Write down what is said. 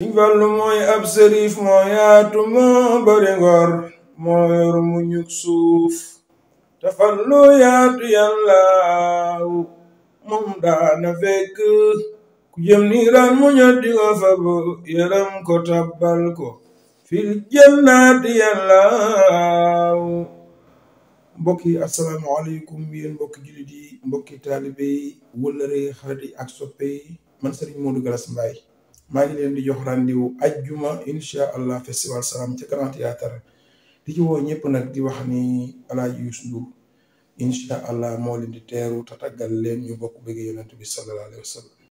Sëriñ Fallu mooy ab sërif moo yaatu mo bari ngor moo yor mu ñug suuf te fallu yaatu yàllaaw moom daana fekk ku jëm niiraan mu ñor di ko fab yaram ko tabbal ko fil jannaati yàllaaw mbokki asalaamaaleykum yéen mbokki jullit yi mbokki taalibe yi wëllëre xarit yi ak soppe yi man Sëriñ Modou Gallass Mbaye maa ngi leen di jox rendez-vous ajjuma incha allah festival salam ca Grand Théâtre di ci woo ñëpp nag di wax ni alaaji Youssou Ndour incha allah moo leen di teeru te tàggal leen ñu bokk bëgg yonent bi sallallahu alayhi wa